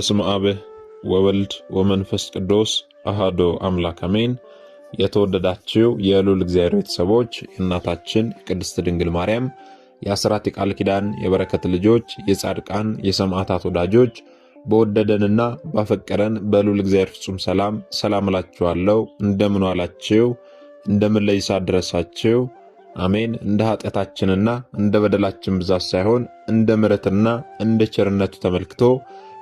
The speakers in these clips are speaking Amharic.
በስም አብ ወወልድ ወመንፈስ ቅዱስ አሃዶ አምላክ አሜን። የተወደዳችው የልዑል እግዚአብሔር ቤተሰቦች የእናታችን ቅድስት ድንግል ማርያም የአስራት የቃል ኪዳን የበረከት ልጆች የጻድቃን የሰማዕታት ወዳጆች በወደደንና ባፈቀረን በሉል እግዚአብሔር ፍጹም ሰላም ሰላም እላችኋለሁ። እንደምን ዋላችሁ? እንደምን ለይሳ ደረሳችሁ? አሜን። እንደ ኃጢአታችንና እንደ በደላችን ብዛት ሳይሆን እንደ ምሕረትና እንደ ቸርነቱ ተመልክቶ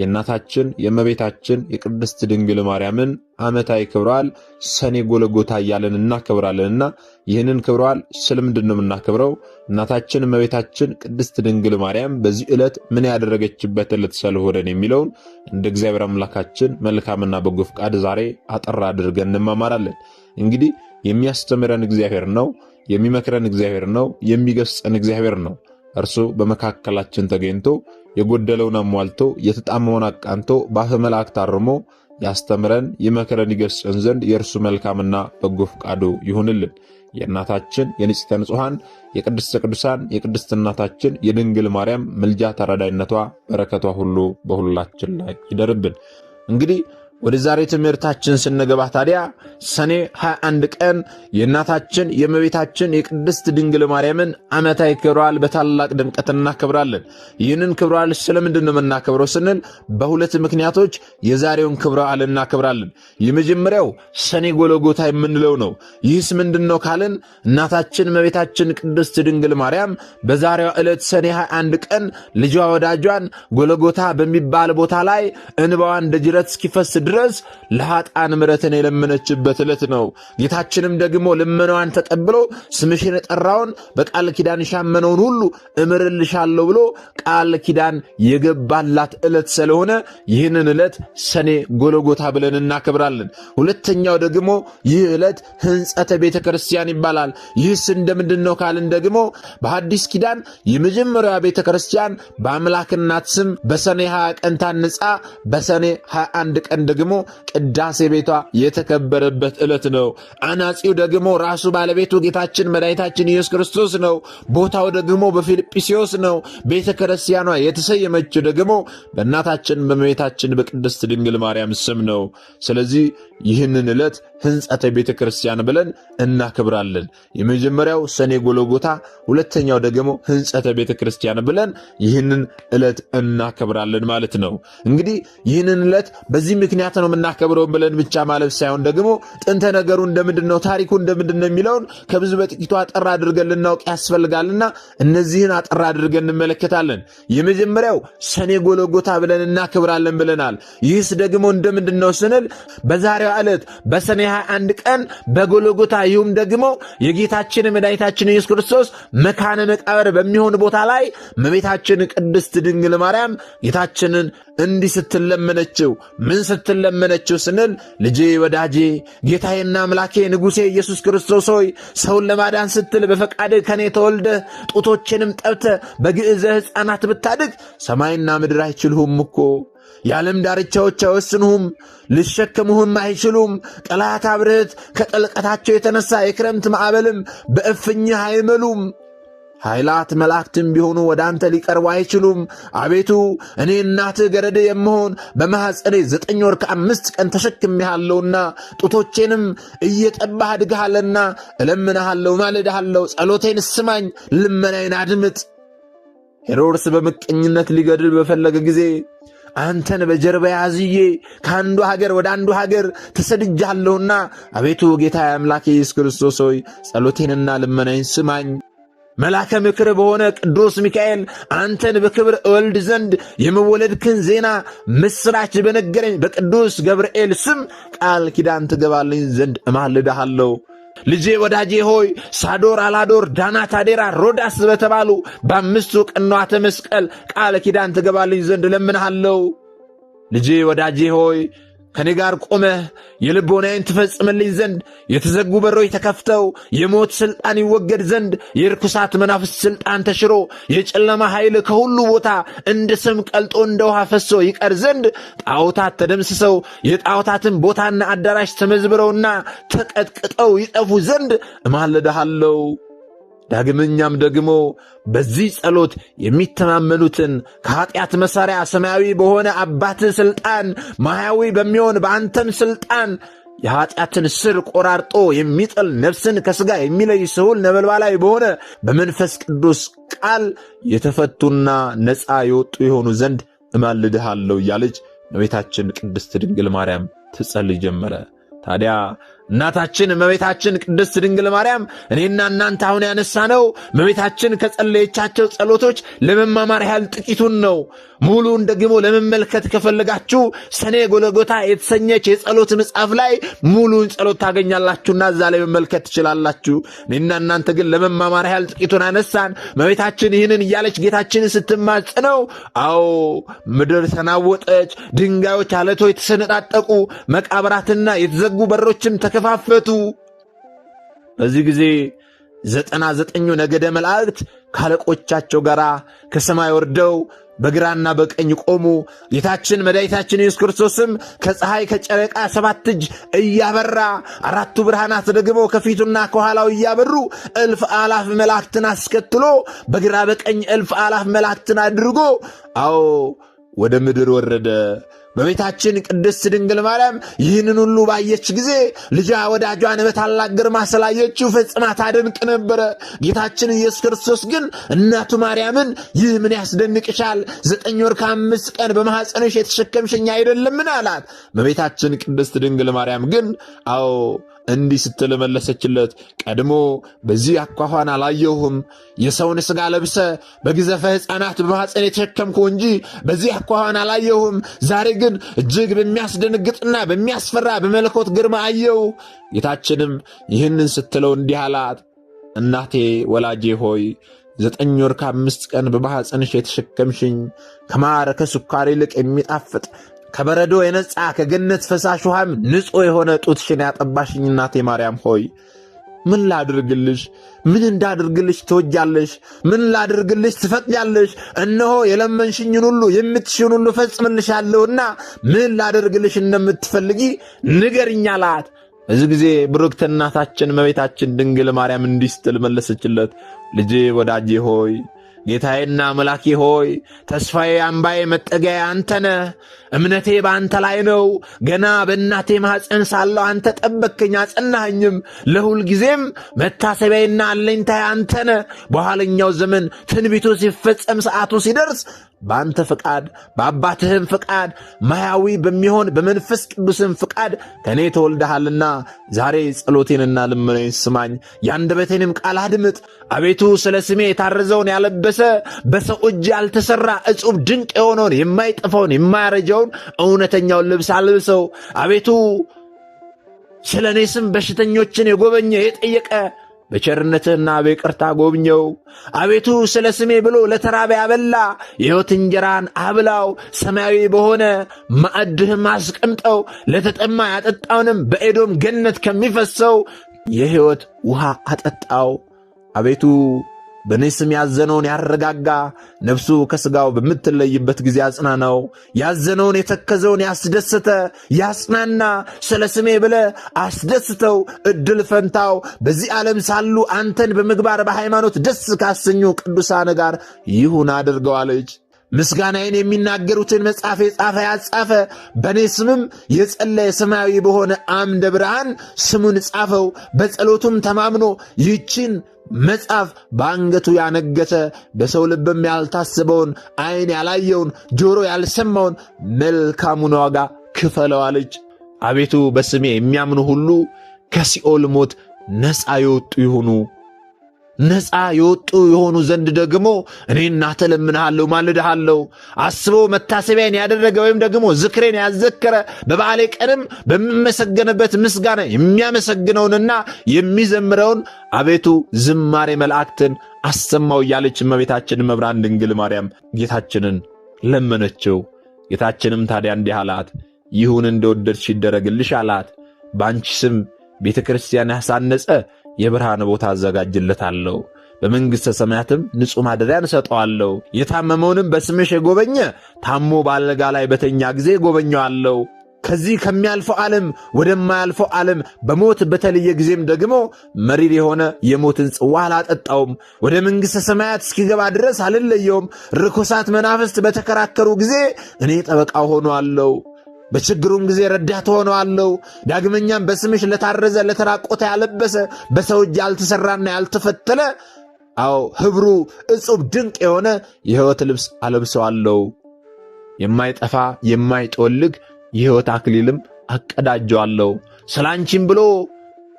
የእናታችን የእመቤታችን የቅድስት ድንግል ማርያምን ዓመታዊ ክብረዋል ሰኔ ጎለጎታ እያለን እናከብራለንና ይህንን ክብረዋል ስለምንድን ነው የምናከብረው? እናታችን እመቤታችን ቅድስት ድንግል ማርያም በዚህ ዕለት ምን ያደረገችበት ዕለት ስለሆነን የሚለውን እንደ እግዚአብሔር አምላካችን መልካምና በጎ ፍቃድ ዛሬ አጠራ አድርገን እንማማራለን። እንግዲህ የሚያስተምረን እግዚአብሔር ነው፣ የሚመክረን እግዚአብሔር ነው፣ የሚገስጸን እግዚአብሔር ነው። እርሱ በመካከላችን ተገኝቶ የጎደለውን አሟልቶ የተጣመውን አቃንቶ በአፈ መላእክት አርሞ ያስተምረን ይመክረን ይገስጸን ዘንድ የእርሱ መልካምና በጎ ፈቃዱ ይሁንልን። የእናታችን የንጽሕተ ንጹሐን የቅድስተ ቅዱሳን የቅድስት እናታችን የድንግል ማርያም ምልጃ ተረዳይነቷ በረከቷ ሁሉ በሁላችን ላይ ይደርብን። እንግዲህ ወደ ዛሬ ትምህርታችን ስንገባ ታዲያ ሰኔ 21 ቀን የእናታችን የእመቤታችን የቅድስት ድንግል ማርያምን ዓመታዊ ክብሯል በታላቅ ድምቀት እናከብራለን። ይህንን ክብረዋል ስለምንድን ነው የምናከብረው ስንል በሁለት ምክንያቶች የዛሬውን ክብረዋል እናከብራለን። የመጀመሪያው ሰኔ ጎለጎታ የምንለው ነው። ይህስ ምንድን ነው ካልን እናታችን እመቤታችን ቅድስት ድንግል ማርያም በዛሬዋ ዕለት ሰኔ 21 ቀን ልጇ ወዳጇን ጎለጎታ በሚባል ቦታ ላይ እንባዋን ደጅረት እስኪፈስ ድረስ ለኃጥአን ምሕረትን የለመነችበት ዕለት ነው። ጌታችንም ደግሞ ልመናዋን ተቀብሎ ስምሽን የጠራውን በቃል ኪዳን ሻመነውን ሁሉ እምርልሻለሁ ብሎ ቃል ኪዳን የገባላት ዕለት ስለሆነ ይህንን ዕለት ሰኔ ጎለጎታ ብለን እናከብራለን። ሁለተኛው ደግሞ ይህ ዕለት ሕንጸተ ቤተ ክርስቲያን ይባላል። ይህስ እንደምንድን ነው ካልን ደግሞ በአዲስ ኪዳን የመጀመሪያ ቤተ ክርስቲያን በአምላክናት ስም በሰኔ 20 ቀን ታንጻ በሰኔ 21 ቀን ደግሞ ቅዳሴ ቤቷ የተከበረበት ዕለት ነው። አናጺው ደግሞ ራሱ ባለቤቱ ጌታችን መድኃኒታችን ኢየሱስ ክርስቶስ ነው። ቦታው ደግሞ በፊልጵስዮስ ነው። ቤተ ክርስቲያኗ የተሰየመችው ደግሞ በእናታችን በመቤታችን በቅድስት ድንግል ማርያም ስም ነው። ስለዚህ ይህንን ዕለት ህንጸተ ቤተ ክርስቲያን ብለን እናከብራለን። የመጀመሪያው ሰኔ ጎለጎታ ሁለተኛው ደግሞ ህንጸተ ቤተ ክርስቲያን ብለን ይህንን ዕለት እናከብራለን ማለት ነው። እንግዲህ ይህንን ዕለት በዚህ ምክንያት ነው የምናከብረውን ብለን ብቻ ማለፍ ሳይሆን ደግሞ ጥንተ ነገሩ እንደምንድን ነው፣ ታሪኩ እንደምንድን ነው የሚለውን ከብዙ በጥቂቱ አጠር አድርገን ልናውቅ ያስፈልጋልና እነዚህን አጠር አድርገን እንመለከታለን። የመጀመሪያው ሰኔ ጎለጎታ ብለን እናከብራለን ብለናል። ይህስ ደግሞ እንደምንድን ነው ስንል በዛሬው ዕለት በሰኔ 21 ቀን በጎልጎታ ይሁም ደግሞ የጌታችን መድኃኒታችን ኢየሱስ ክርስቶስ መካነ መቃብር በሚሆን ቦታ ላይ መቤታችን ቅድስት ድንግል ማርያም ጌታችንን እንዲህ ስትለመነችው ምን ስትለመነችው ስንል ልጄ ወዳጄ ጌታዬና አምላኬ ንጉሴ ኢየሱስ ክርስቶስ ሆይ ሰውን ለማዳን ስትል በፈቃድ ከኔ ተወልደ ጡቶችንም ጠብተ በግዕዘ ሕፃናት ብታድግ ሰማይና ምድር አይችልሁም እኮ የዓለም ዳርቻዎች አይወስኑሁም፣ ልሸከሙሁም አይችሉም። ጠላት አብርህት ከጥልቀታቸው የተነሣ የክረምት ማዕበልም በእፍኝህ አይመሉም። ኃይላት መላእክትም ቢሆኑ ወደ አንተ ሊቀርቡ አይችሉም። አቤቱ እኔ እናትህ ገረድ የምሆን በማኅፀኔ ዘጠኝ ወር ከአምስት ቀን ተሸክሜሃለሁና ጡቶቼንም እየጠባህ አድግሃለና እለምንሃለሁ፣ ማልድሃለሁ። ጸሎቴን ስማኝ፣ ልመናዬን አድምጥ። ሄሮድስ በምቀኝነት ሊገድል በፈለገ ጊዜ አንተን በጀርባ ያዝዬ ከአንዱ ሀገር ወደ አንዱ ሀገር ተሰድጃለሁና አቤቱ ጌታ አምላክ ኢየሱስ ክርስቶስ ሆይ ጸሎቴንና ልመናኝ ስማኝ። መላከ ምክር በሆነ ቅዱስ ሚካኤል አንተን በክብር እወልድ ዘንድ የመወለድክን ዜና ምስራች በነገረኝ በቅዱስ ገብርኤል ስም ቃል ኪዳን ትገባልኝ ዘንድ እማልድሃለሁ። ልጄ ወዳጄ ሆይ ሳዶር አላዶር ዳናት አዴራ ሮዳስ በተባሉ በአምስቱ ቅንዋተ መስቀል ቃል ኪዳን ትገባልኝ ዘንድ እለምንሃለሁ። ልጄ ወዳጄ ሆይ ከእኔ ጋር ቆመህ የልቦናዬን ትፈጽምልኝ ዘንድ የተዘጉ በሮች ተከፍተው የሞት ሥልጣን ይወገድ ዘንድ የርኩሳት መናፍስ ሥልጣን ተሽሮ የጨለማ ኃይል ከሁሉ ቦታ እንደ ስም ቀልጦ እንደ ውሃ ፈሶ ይቀር ዘንድ ጣዖታት ተደምስሰው የጣዖታትን ቦታና አዳራሽ ተመዝብረውና ተቀጥቅጠው ይጠፉ ዘንድ እማልድሃለሁ። ዳግመኛም ደግሞ በዚህ ጸሎት የሚተማመኑትን ከኃጢአት መሣሪያ ሰማያዊ በሆነ አባትህ ሥልጣን ማያዊ በሚሆን በአንተም ሥልጣን የኃጢአትን ስር ቆራርጦ የሚጥል ነፍስን ከሥጋ የሚለይ ስሁል ነበልባላዊ በሆነ በመንፈስ ቅዱስ ቃል የተፈቱና ነፃ የወጡ የሆኑ ዘንድ እማልድሃለሁ እያለች እመቤታችን ቅድስት ድንግል ማርያም ትጸልይ ጀመረ። ታዲያ እናታችን እመቤታችን ቅድስት ድንግል ማርያም እኔና እናንተ አሁን ያነሳ ነው። እመቤታችን ከጸለየቻቸው ጸሎቶች ለመማማር ያህል ጥቂቱን ነው። ሙሉን ደግሞ ለመመልከት ከፈለጋችሁ ሰኔ ጎለጎታ የተሰኘች የጸሎት መጽሐፍ ላይ ሙሉን ጸሎት ታገኛላችሁና እዛ ላይ መመልከት ትችላላችሁ። እኔና እናንተ ግን ለመማማር ያህል ጥቂቱን አነሳን። እመቤታችን ይህንን እያለች ጌታችንን ነው አዎ ምድር ተናወጠች፣ ድንጋዮች አለቶች ተሰነጣጠቁ፣ መቃብራትና የተዘጉ በሮችም ተከ ተከፋፈቱ። በዚህ ጊዜ ዘጠና ዘጠኙ ነገደ መላእክት ካለቆቻቸው ጋር ከሰማይ ወርደው በግራና በቀኝ ቆሙ። ጌታችን መድኃኒታችን ኢየሱስ ክርስቶስም ከፀሐይ ከጨረቃ ሰባት እጅ እያበራ አራቱ ብርሃናት ደግሞ ከፊቱና ከኋላው እያበሩ እልፍ አላፍ መላእክትን አስከትሎ በግራ በቀኝ እልፍ አላፍ መላእክትን አድርጎ አዎ ወደ ምድር ወረደ። በቤታችን ቅድስት ድንግል ማርያም ይህንን ሁሉ ባየች ጊዜ ልጇ ወዳጇን በታላቅ ግርማ ስላየችው ፈጽማ ታደንቅ ነበረ። ጌታችን ኢየሱስ ክርስቶስ ግን እናቱ ማርያምን ይህ ምን ያስደንቅሻል? ዘጠኝ ወር ከአምስት ቀን በማኅፀንሽ የተሸከምሽኛ አይደለምን? አላት። በቤታችን ቅድስት ድንግል ማርያም ግን አዎ እንዲህ ስትል መለሰችለት፣ ቀድሞ በዚህ አኳኋን አላየሁም። የሰውን ሥጋ ለብሰ በግዘፈ ሕፃናት በማፀን የተሸከምኩ እንጂ በዚህ አኳኋን አላየሁም። ዛሬ ግን እጅግ በሚያስደንግጥና በሚያስፈራ በመለኮት ግርማ አየው። ጌታችንም ይህንን ስትለው እንዲህ አላት፣ እናቴ ወላጄ ሆይ ዘጠኝ ወር ከአምስት ቀን በማኅፀንሽ የተሸከምሽኝ ከማር ከስኳር ይልቅ የሚጣፍጥ ከበረዶ የነጻ ከገነት ፈሳሽ ውሃም ንጹሕ የሆነ ጡትሽን ያጠባሽኝ እናቴ ማርያም ሆይ ምን ላድርግልሽ? ምን እንዳድርግልሽ ትወጃለሽ? ምን ላድርግልሽ ትፈቅጃለሽ? እነሆ የለመንሽኝን ሁሉ የምትሽን ሁሉ ፈጽምልሻለሁና ምን ላድርግልሽ እንደምትፈልጊ ንገርኛ አላት። ብዙ ጊዜ ብሩክት እናታችን ድንግል ማርያም እንዲስጥል መለሰችለት፣ ልጄ ወዳጄ ሆይ ጌታዬና አምላኬ ሆይ ተስፋዬ፣ አምባዬ፣ መጠጊያዬ አንተነ እምነቴ በአንተ ላይ ነው። ገና በእናቴ ማኅፀን ሳለሁ አንተ ጠበቅከኝ፣ አጸናኸኝም። ለሁል ጊዜም መታሰቢያዬና አለኝታዬ አንተነ በኋለኛው ዘመን ትንቢቱ ሲፈጸም ሰዓቱ ሲደርስ በአንተ ፍቃድ በአባትህም ፍቃድ ማያዊ በሚሆን በመንፈስ ቅዱስም ፍቃድ ከእኔ ተወልደሃልና ዛሬ ጸሎቴንና ልመናዬን ስማኝ፣ የአንደበቴንም ቃል አድምጥ። አቤቱ ስለ ስሜ የታረዘውን ያለበሰ በሰው እጅ ያልተሰራ እጹብ ድንቅ የሆነውን የማይጠፋውን የማያረጃውን እውነተኛውን ልብስ አልብሰው። አቤቱ ስለ እኔ ስም በሽተኞችን የጎበኘ የጠየቀ በቸርነትህና በይቅርታ ጎብኘው። አቤቱ ስለ ስሜ ብሎ ለተራበ ያበላ የሕይወት እንጀራን አብላው፣ ሰማያዊ በሆነ ማዕድህም አስቀምጠው። ለተጠማ ያጠጣውንም በኤዶም ገነት ከሚፈሰው የሕይወት ውሃ አጠጣው። አቤቱ በእኔ ስም ያዘነውን ያረጋጋ፣ ነፍሱ ከሥጋው በምትለይበት ጊዜ አጽናናው። ያዘነውን የተከዘውን ያስደሰተ ያጽናና፣ ስለ ስሜ ብለ አስደስተው። እድል ፈንታው በዚህ ዓለም ሳሉ አንተን በምግባር በሃይማኖት ደስ ካሰኙ ቅዱሳን ጋር ይሁን አድርገዋለች። ምስጋናዬን የሚናገሩትን መጽሐፍ የጻፈ ያጻፈ በእኔ ስምም የጸለየ ሰማያዊ በሆነ አምደ ብርሃን ስሙን ጻፈው። በጸሎቱም ተማምኖ ይችን መጽሐፍ በአንገቱ ያነገተ በሰው ልብም ያልታሰበውን ዐይን ያላየውን ጆሮ ያልሰማውን መልካሙን ዋጋ ክፈለዋለች። አቤቱ በስሜ የሚያምኑ ሁሉ ከሲኦል ሞት ነፃ የወጡ ይሁኑ። ነፃ የወጡ የሆኑ ዘንድ ደግሞ እኔ እናተ ለምንሃለሁ፣ ማልድሃለሁ። አስቦ መታሰቢያን ያደረገ ወይም ደግሞ ዝክሬን ያዘከረ በበዓሌ ቀንም በምመሰገንበት ምስጋና የሚያመሰግነውንና የሚዘምረውን አቤቱ ዝማሬ መላእክትን አሰማው እያለች እመቤታችን መብራን ድንግል ማርያም ጌታችንን ለመነችው። ጌታችንም ታዲያ እንዲህ አላት፣ ይሁን እንደወደድሽ ይደረግልሽ አላት። በአንቺ ስም ቤተ ክርስቲያን ያሳነጸ የብርሃን ቦታ አዘጋጅለታለሁ በመንግሥተ ሰማያትም ንጹሕ ማደሪያን እሰጠዋለሁ። የታመመውንም በስምሽ የጎበኘ ታሞ በአልጋ ላይ በተኛ ጊዜ ጎበኘዋለሁ። ከዚህ ከሚያልፈው ዓለም ወደማያልፈው ዓለም በሞት በተለየ ጊዜም ደግሞ መሪር የሆነ የሞትን ጽዋ አላጠጣውም። ወደ መንግሥተ ሰማያት እስኪገባ ድረስ አልለየውም። ርኩሳት መናፍስት በተከራከሩ ጊዜ እኔ ጠበቃ ሆኖ አለው። በችግሩም ጊዜ ረዳት ሆነዋለሁ። ዳግመኛም በስምሽ ለታረዘ ለተራቆተ ያለበሰ በሰው እጅ ያልተሰራና ያልተፈተለ አዎ ኅብሩ እጹብ ድንቅ የሆነ የሕይወት ልብስ አለብሰዋለሁ። የማይጠፋ የማይጠወልግ የሕይወት አክሊልም አቀዳጀዋለሁ ስላንቺም ብሎ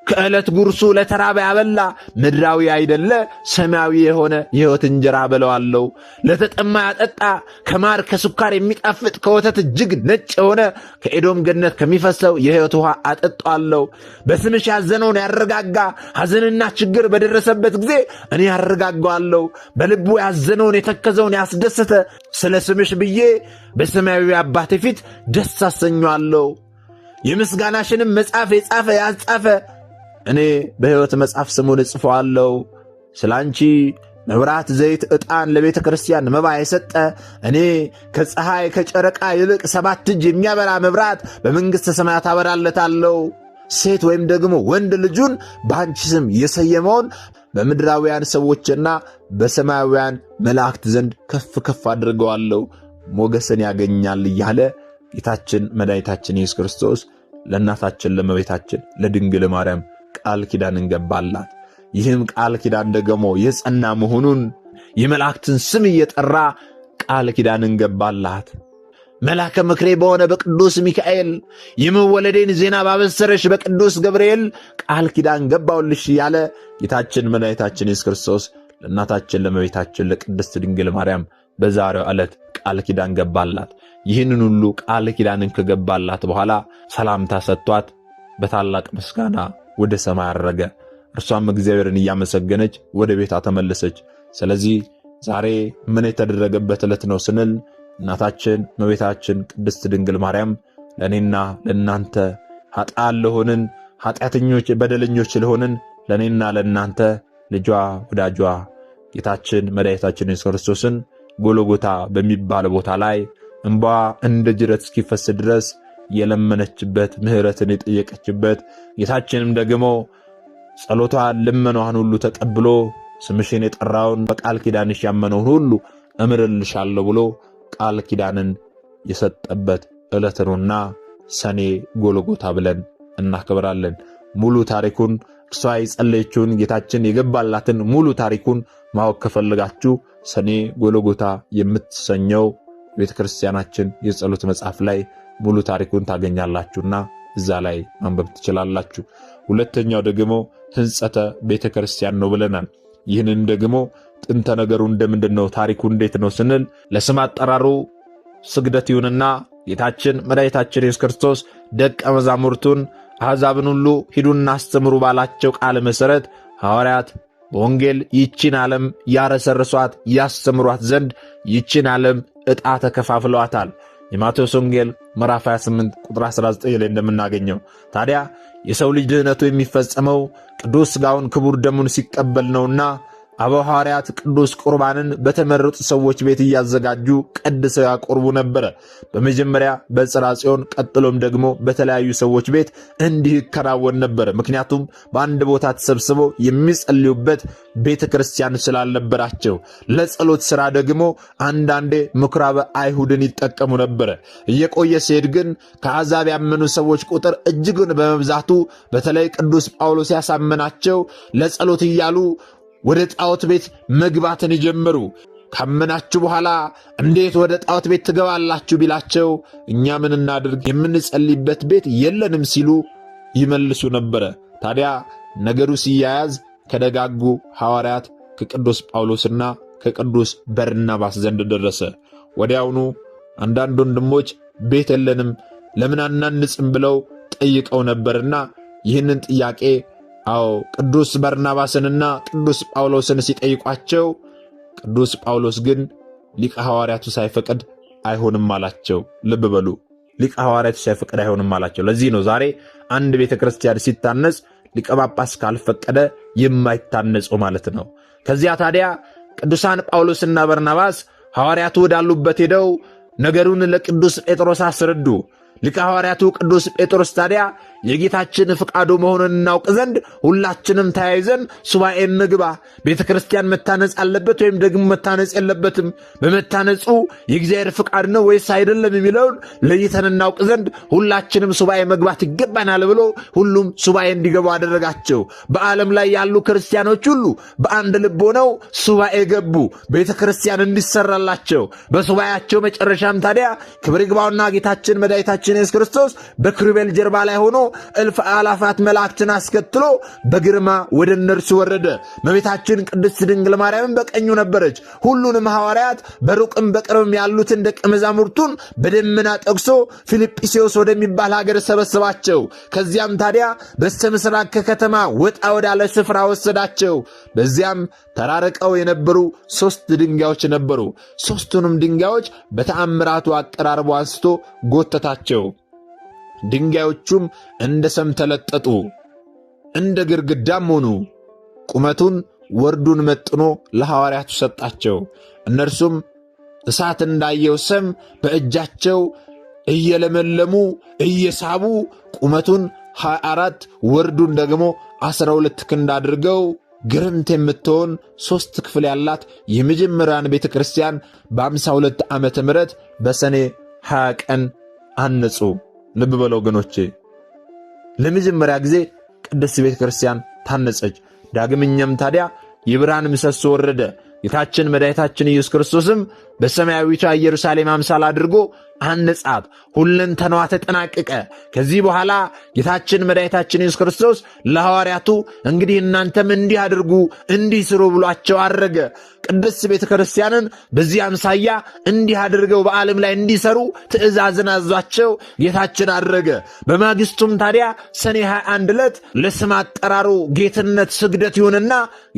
ከዕለት ጉርሱ ለተራበ ያበላ ምድራዊ አይደለ ሰማያዊ የሆነ የሕይወት እንጀራ በለዋለው። ለተጠማ ያጠጣ ከማር ከስኳር የሚጣፍጥ ከወተት እጅግ ነጭ የሆነ ከኤዶም ገነት ከሚፈሰው የሕይወት ውሃ አጠጣዋለው። በስምሽ ያዘነውን ያረጋጋ ሐዘንና ችግር በደረሰበት ጊዜ እኔ ያረጋጋዋለው። በልቡ ያዘነውን የተከዘውን ያስደሰተ ስለ ስምሽ ብዬ በሰማያዊ አባቴ ፊት ደስ አሰኘዋለሁ። የምስጋናሽንም መጽሐፍ የጻፈ ያጻፈ እኔ በሕይወት መጽሐፍ ስሙን እጽፈዋለሁ። ስለ አንቺ መብራት፣ ዘይት፣ ዕጣን ለቤተ ክርስቲያን መባ የሰጠ እኔ ከፀሐይ ከጨረቃ ይልቅ ሰባት እጅ የሚያበራ መብራት በመንግሥተ ሰማያት አበራለታለሁ። ሴት ወይም ደግሞ ወንድ ልጁን በአንቺ ስም የሰየመውን በምድራውያን ሰዎችና በሰማያውያን መላእክት ዘንድ ከፍ ከፍ አድርገዋለሁ፣ ሞገስን ያገኛል እያለ ጌታችን መድኃኒታችን ኢየሱስ ክርስቶስ ለእናታችን ለመቤታችን ለድንግል ማርያም ቃል ኪዳን እንገባላት። ይህም ቃል ኪዳን ደግሞ የጸና መሆኑን የመላእክትን ስም እየጠራ ቃል ኪዳን እንገባላት። መላከ ምክሬ በሆነ በቅዱስ ሚካኤል የመወለዴን ዜና ባበሰረሽ በቅዱስ ገብርኤል ቃል ኪዳን ገባውልሽ እያለ ጌታችን መድኃኒታችን ኢየሱስ ክርስቶስ ለእናታችን ለመቤታችን ለቅድስት ድንግል ማርያም በዛሬው ዕለት ቃል ኪዳን ገባላት። ይህንን ሁሉ ቃል ኪዳንን ከገባላት በኋላ ሰላምታ ሰጥቷት በታላቅ ምስጋና ወደ ሰማይ አረገ። እርሷም እግዚአብሔርን እያመሰገነች ወደ ቤቷ ተመለሰች። ስለዚህ ዛሬ ምን የተደረገበት ዕለት ነው ስንል እናታችን መቤታችን ቅድስት ድንግል ማርያም ለእኔና ለእናንተ ኃጥአን ለሆንን ኃጢአተኞች፣ በደለኞች ለሆንን ለእኔና ለእናንተ ልጇ ወዳጇ ጌታችን መድኃኒታችን ኢየሱስ ክርስቶስን ጎሎጎታ በሚባል ቦታ ላይ እንባ እንደ ጅረት እስኪፈስ ድረስ የለመነችበት ምሕረትን የጠየቀችበት ጌታችንም ደግሞ ጸሎቷን ልመኗን ሁሉ ተቀብሎ ስምሽን የጠራውን በቃል ኪዳንሽ ያመነውን ሁሉ እምርልሻለሁ ብሎ ቃል ኪዳንን የሰጠበት ዕለት ነውና ሰኔ ጎልጎታ ብለን እናከብራለን። ሙሉ ታሪኩን እርሷ የጸለየችውን ጌታችን የገባላትን ሙሉ ታሪኩን ማወቅ ከፈለጋችሁ ሰኔ ጎልጎታ የምትሰኘው ቤተ ክርስቲያናችን የጸሎት መጽሐፍ ላይ ሙሉ ታሪኩን ታገኛላችሁና እዛ ላይ ማንበብ ትችላላችሁ። ሁለተኛው ደግሞ ሕንጸተ ቤተ ክርስቲያን ነው ብለናል። ይህንን ደግሞ ጥንተ ነገሩ እንደምንድን ነው? ታሪኩ እንዴት ነው ስንል ለስም አጠራሩ ስግደት ይሁንና ጌታችን መድኃኒታችን ኢየሱስ ክርስቶስ ደቀ መዛሙርቱን አሕዛብን ሁሉ ሂዱና አስተምሩ ባላቸው ቃል መሠረት ሐዋርያት በወንጌል ይቺን ዓለም ያረሰርሷት ያስተምሯት ዘንድ ይቺን ዓለም ዕጣ ተከፋፍለዋታል። የማቴዎስ ወንጌል ምዕራፍ 28 ቁጥር 19 ላይ እንደምናገኘው ታዲያ የሰው ልጅ ድህነቱ የሚፈጸመው ቅዱስ ሥጋውን ክቡር ደሙን ሲቀበል ነውና አበው ሐዋርያት ቅዱስ ቁርባንን በተመረጡ ሰዎች ቤት እያዘጋጁ ቀድሰው ያቆርቡ ነበረ። በመጀመሪያ በጽርሐ ጽዮን፣ ቀጥሎም ደግሞ በተለያዩ ሰዎች ቤት እንዲህ ይከናወን ነበር። ምክንያቱም በአንድ ቦታ ተሰብስበው የሚጸልዩበት ቤተ ክርስቲያን ስላልነበራቸው፣ ለጸሎት ሥራ ደግሞ አንዳንዴ ምኩራበ አይሁድን ይጠቀሙ ነበረ። እየቆየ ሲሄድ ግን ከአሕዛብ ያመኑ ሰዎች ቁጥር እጅግን በመብዛቱ በተለይ ቅዱስ ጳውሎስ ያሳመናቸው ለጸሎት እያሉ ወደ ጣዖት ቤት መግባትን ጀመሩ። ካመናችሁ በኋላ እንዴት ወደ ጣዖት ቤት ትገባላችሁ ቢላቸው እኛ ምን እናድርግ የምንጸልይበት ቤት የለንም ሲሉ ይመልሱ ነበረ። ታዲያ ነገሩ ሲያያዝ ከደጋጉ ሐዋርያት ከቅዱስ ጳውሎስና ከቅዱስ በርናባስ ዘንድ ደረሰ። ወዲያውኑ አንዳንድ ወንድሞች ቤት የለንም ለምን አናንጽም ብለው ጠይቀው ነበርና ይህንን ጥያቄ አዎ ቅዱስ በርናባስንና ቅዱስ ጳውሎስን ሲጠይቋቸው ቅዱስ ጳውሎስ ግን ሊቀ ሐዋርያቱ ሳይፈቅድ አይሆንም አላቸው። ልብ በሉ ሊቀ ሐዋርያቱ ሳይፈቅድ አይሆንም አላቸው። ለዚህ ነው ዛሬ አንድ ቤተ ክርስቲያን ሲታነጽ ሊቀ ጳጳስ ካልፈቀደ የማይታነጹ ማለት ነው። ከዚያ ታዲያ ቅዱሳን ጳውሎስና በርናባስ ሐዋርያቱ ወዳሉበት ሄደው ነገሩን ለቅዱስ ጴጥሮስ አስረዱ። ሊቀ ሐዋርያቱ ቅዱስ ጴጥሮስ ታዲያ የጌታችን ፍቃዱ መሆኑን እናውቅ ዘንድ ሁላችንም ተያይዘን ሱባኤ እንግባ። ቤተ ክርስቲያን መታነጽ አለበት ወይም ደግሞ መታነጽ የለበትም፣ በመታነጹ የእግዚአብሔር ፍቃድ ነው ወይስ አይደለም የሚለውን ለይተን እናውቅ ዘንድ ሁላችንም ሱባኤ መግባት ይገባናል ብሎ ሁሉም ሱባኤ እንዲገቡ አደረጋቸው። በዓለም ላይ ያሉ ክርስቲያኖች ሁሉ በአንድ ልብ ሆነው ሱባኤ ገቡ፣ ቤተ ክርስቲያን እንዲሰራላቸው። በሱባኤያቸው መጨረሻም ታዲያ ክብር ይግባውና ጌታችን መድኃኒታችን ኢየሱስ ክርስቶስ በክሩቤል ጀርባ ላይ ሆኖ እልፍ አላፋት መላእክትን አስከትሎ በግርማ ወደ እነርሱ ወረደ። እመቤታችን ቅድስት ድንግል ማርያምን በቀኙ ነበረች። ሁሉንም ሐዋርያት በሩቅም በቅርብም ያሉትን ደቀ መዛሙርቱን በደመና ጠቅሶ ፊልጵስዮስ ወደሚባል ሀገር ሰበሰባቸው። ከዚያም ታዲያ በስተ ምስራቅ ከከተማ ወጣ ወዳለ ስፍራ ወሰዳቸው። በዚያም ተራርቀው የነበሩ ሶስት ድንጋዮች ነበሩ። ሦስቱንም ድንጋዮች በተአምራቱ አቀራርቦ አንስቶ ጎተታቸው። ድንጋዮቹም እንደ ሰም ተለጠጡ፣ እንደ ግርግዳም ሆኑ። ቁመቱን ወርዱን መጥኖ ለሐዋርያቱ ሰጣቸው። እነርሱም እሳት እንዳየው ሰም በእጃቸው እየለመለሙ እየሳቡ ቁመቱን 24 ወርዱን ደግሞ 12 ክንድ አድርገው ግርምት የምትሆን ሦስት ክፍል ያላት የመጀመሪያዋን ቤተ ክርስቲያን በ52 ዓመተ ምሕረት በሰኔ 20 ቀን አነጹ። ልብ በለ ወገኖቼ፣ ለመጀመሪያ ጊዜ ቅድስት ቤተ ክርስቲያን ታነጸች። ዳግመኛም ታዲያ የብርሃን ምሰሶ ወረደ። ጌታችን መድኃኒታችን ኢየሱስ ክርስቶስም በሰማያዊቷ ኢየሩሳሌም አምሳል አድርጎ አነጻት። ሁለንተናዋ ተጠናቀቀ። ከዚህ በኋላ ጌታችን መድኃኒታችን ኢየሱስ ክርስቶስ ለሐዋርያቱ እንግዲህ እናንተም እንዲህ አድርጉ እንዲህ ስሩ ብሏቸው አድረገ። ቅድስት ቤተ ክርስቲያንን በዚህ አምሳያ እንዲህ አድርገው በዓለም ላይ እንዲሰሩ ትእዛዝን አዟቸው ጌታችን አድረገ። በማግስቱም ታዲያ ሰኔ 21 ዕለት ለስም አጠራሩ ጌትነት ስግደት ይሁንና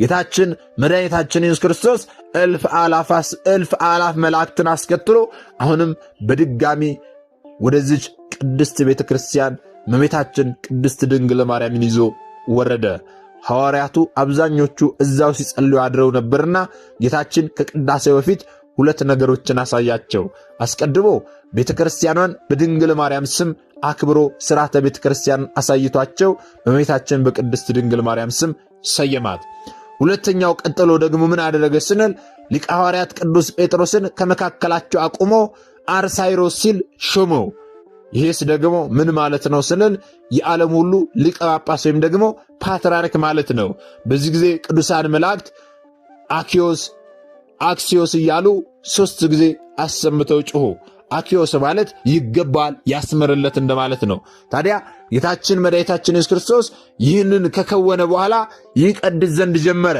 ጌታችን መድኃኒታችን ኢየሱስ ክርስቶስ እልፍ አላፋስ እልፍ አላፍ መላእክትን አስከትሎ አሁንም በድጋሚ ወደዚች ቅድስት ቤተ ክርስቲያን መቤታችን ቅድስት ድንግል ማርያምን ይዞ ወረደ። ሐዋርያቱ አብዛኞቹ እዛው ሲጸልዩ አድረው ነበርና ጌታችን ከቅዳሴው በፊት ሁለት ነገሮችን አሳያቸው። አስቀድሞ ቤተ ክርስቲያኗን በድንግል ማርያም ስም አክብሮ ስርዓተ ቤተ ክርስቲያን አሳይቷቸው በመቤታችን በቅድስት ድንግል ማርያም ስም ሰየማት። ሁለተኛው ቀጥሎ ደግሞ ምን አደረገ ስንል ሊቀ ሐዋርያት ቅዱስ ጴጥሮስን ከመካከላቸው አቁሞ አርሳይሮስ ሲል ሾመው። ይህስ ደግሞ ምን ማለት ነው ስንል የዓለም ሁሉ ሊቀ ጳጳስ ወይም ደግሞ ፓትርያርክ ማለት ነው። በዚህ ጊዜ ቅዱሳን መላእክት አኪዮስ፣ አክሲዮስ እያሉ ሦስት ጊዜ አሰምተው ጮኹ። አኪዮስ ማለት ይገባል፣ ያስምርለት እንደማለት ነው። ታዲያ ጌታችን መድኃኒታችን ኢየሱስ ክርስቶስ ይህንን ከከወነ በኋላ ይቀድስ ዘንድ ጀመረ።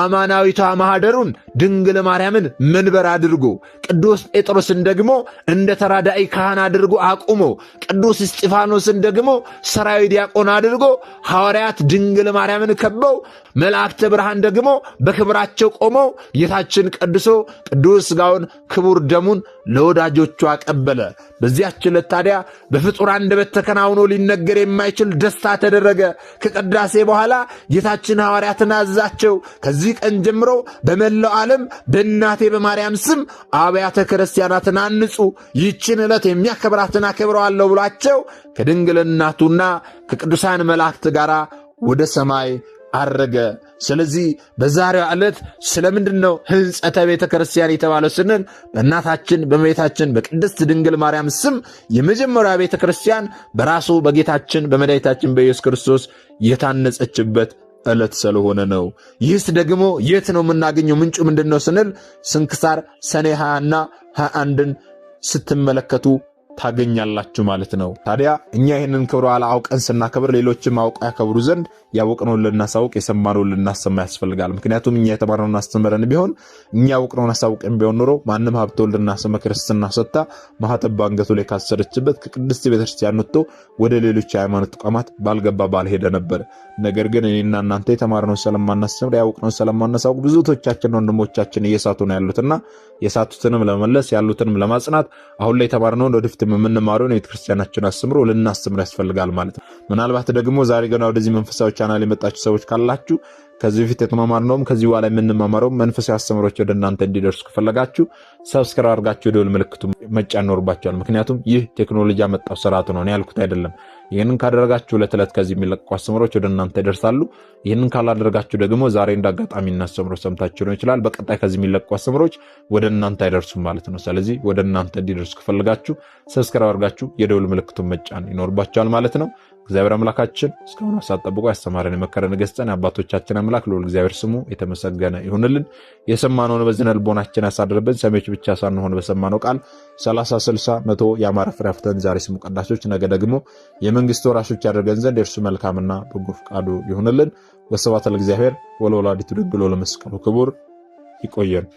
አማናዊቷ ማኅደሩን ድንግል ማርያምን መንበር አድርጎ ቅዱስ ጴጥሮስን ደግሞ እንደ ተራዳኢ ካህን አድርጎ አቁሞ ቅዱስ እስጢፋኖስን ደግሞ ሰራዊ ዲያቆን አድርጎ ሐዋርያት ድንግል ማርያምን ከበው መላእክተ ብርሃን ደግሞ በክብራቸው ቆመው ጌታችን ቀድሶ ቅዱስ ሥጋውን ክቡር ደሙን ለወዳጆቹ አቀበለ። በዚያች ዕለት ታዲያ በፍጡር አንደበት ተከናውኖ ሊነገር ሊነገር የማይችል ደስታ ተደረገ። ከቅዳሴ በኋላ ጌታችን ሐዋርያትን አዛቸው፣ ከዚህ ቀን ጀምሮ በመላው ዓለም በእናቴ በማርያም ስም አብያተ ክርስቲያናትን አንጹ፣ ይህችን ዕለት የሚያከብራትን አከብረዋለሁ ብሏቸው ከድንግልናቱና ከቅዱሳን መላእክት ጋር ወደ ሰማይ አረገ። ስለዚህ በዛሬው ዕለት ስለምንድን ነው ቤተክርስቲያን ቤተ ክርስቲያን የተባለው ስንል በእናታችን በመቤታችን በቅድስት ድንግል ማርያም ስም የመጀመሪያ ቤተ ክርስቲያን በራሱ በጌታችን በመድኃኒታችን በኢየሱስ ክርስቶስ የታነጸችበት ዕለት ስለሆነ ነው። ይህስ ደግሞ የት ነው የምናገኘው? ምንጩ ምንድን ነው ስንል ስንክሳር ሰኔ 20ና 21ን ስትመለከቱ ታገኛላችሁ ማለት ነው። ታዲያ እኛ ይህንን ክብረ በዓል አውቀን ስናከብር ሌሎችም አውቀ ያከብሩ ዘንድ ያወቅነውን ልናሳውቅ የሰማነውን ልናሰማ ያስፈልጋል። ምክንያቱም እኛ የተማርነውን አስተምረን ቢሆን እኛ ያወቅነውን አሳውቅን ቢሆን ኖሮ ማንም ሀብተ ወልድና ስመ ክርስትና ሰጥታ ማኅተብ አንገቱ ላይ ካሰረችበት ከቅድስት ቤተክርስቲያን ወጥቶ ወደ ሌሎች የሃይማኖት ተቋማት ባልገባ ባልሄደ ነበር። ነገር ግን እኔና እናንተ የተማርነውን ስለማናስተምር ያወቅነውን ስለማናሳውቅ ብዙቶቻችን ወንድሞቻችን እየሳቱ ነው ያሉትና የሳቱትንም ለመመለስ ያሉትንም ለማጽናት አሁን ላይ የተማርነውን ወደፊት ትምህርትም የምንማረውን የቤተክርስቲያናችን አስተምሮ ልናስተምር ያስፈልጋል ማለት ነው። ምናልባት ደግሞ ዛሬ ገና ወደዚህ መንፈሳዊ ቻናል የመጣችሁ ሰዎች ካላችሁ ከዚህ በፊት የተማማርነውም ከዚህ በኋላ የምንማማረው መንፈሳዊ አስተምሮች ወደ እናንተ እንዲደርሱ ከፈለጋችሁ ሰብስክራይብ አድርጋችሁ የደወል ምልክቱ መጫን ይኖርባችኋል። ምክንያቱም ይህ ቴክኖሎጂ ያመጣው ስርዓት ነው ያልኩት አይደለም። ይህንን ካደረጋችሁ ዕለት ዕለት ከዚህ የሚለቁ አስተምሮች ወደ እናንተ ይደርሳሉ። ይህንን ካላደረጋችሁ ደግሞ ዛሬ እንደ አጋጣሚ እናስተምሮ ሰምታችሁ ሊሆን ይችላል። በቀጣይ ከዚህ የሚለቁ አስተምሮች ወደ እናንተ አይደርሱም ማለት ነው። ስለዚህ ወደ እናንተ እንዲደርሱ ከፈለጋችሁ ሰብስክራይብ አድርጋችሁ የደውል ምልክቱን መጫን ይኖርባችኋል ማለት ነው። እግዚአብሔር አምላካችን እስካሁን ሀሳብ ጠብቆ ያስተማረን የመከረ ነገሥጸን አባቶቻችን አምላክ ልዑል እግዚአብሔር ስሙ የተመሰገነ ይሁንልን። የሰማነውን በዝነ ልቦናችን ያሳድርብን። ሰሚዎች ብቻ ሳንሆን በሰማነው ቃል 30፣ 60፣ መቶ የአማረ ፍሬ አፍርተን ዛሬ ስሙ ቀዳሾች፣ ነገ ደግሞ የመንግስት ወራሾች ያደርገን ዘንድ የእርሱ መልካምና በጎ ፈቃዱ ይሁንልን። ወስብሐት ለእግዚአብሔር ወለወላዲቱ ድንግል ወለመስቀሉ ክቡር። ይቆየን።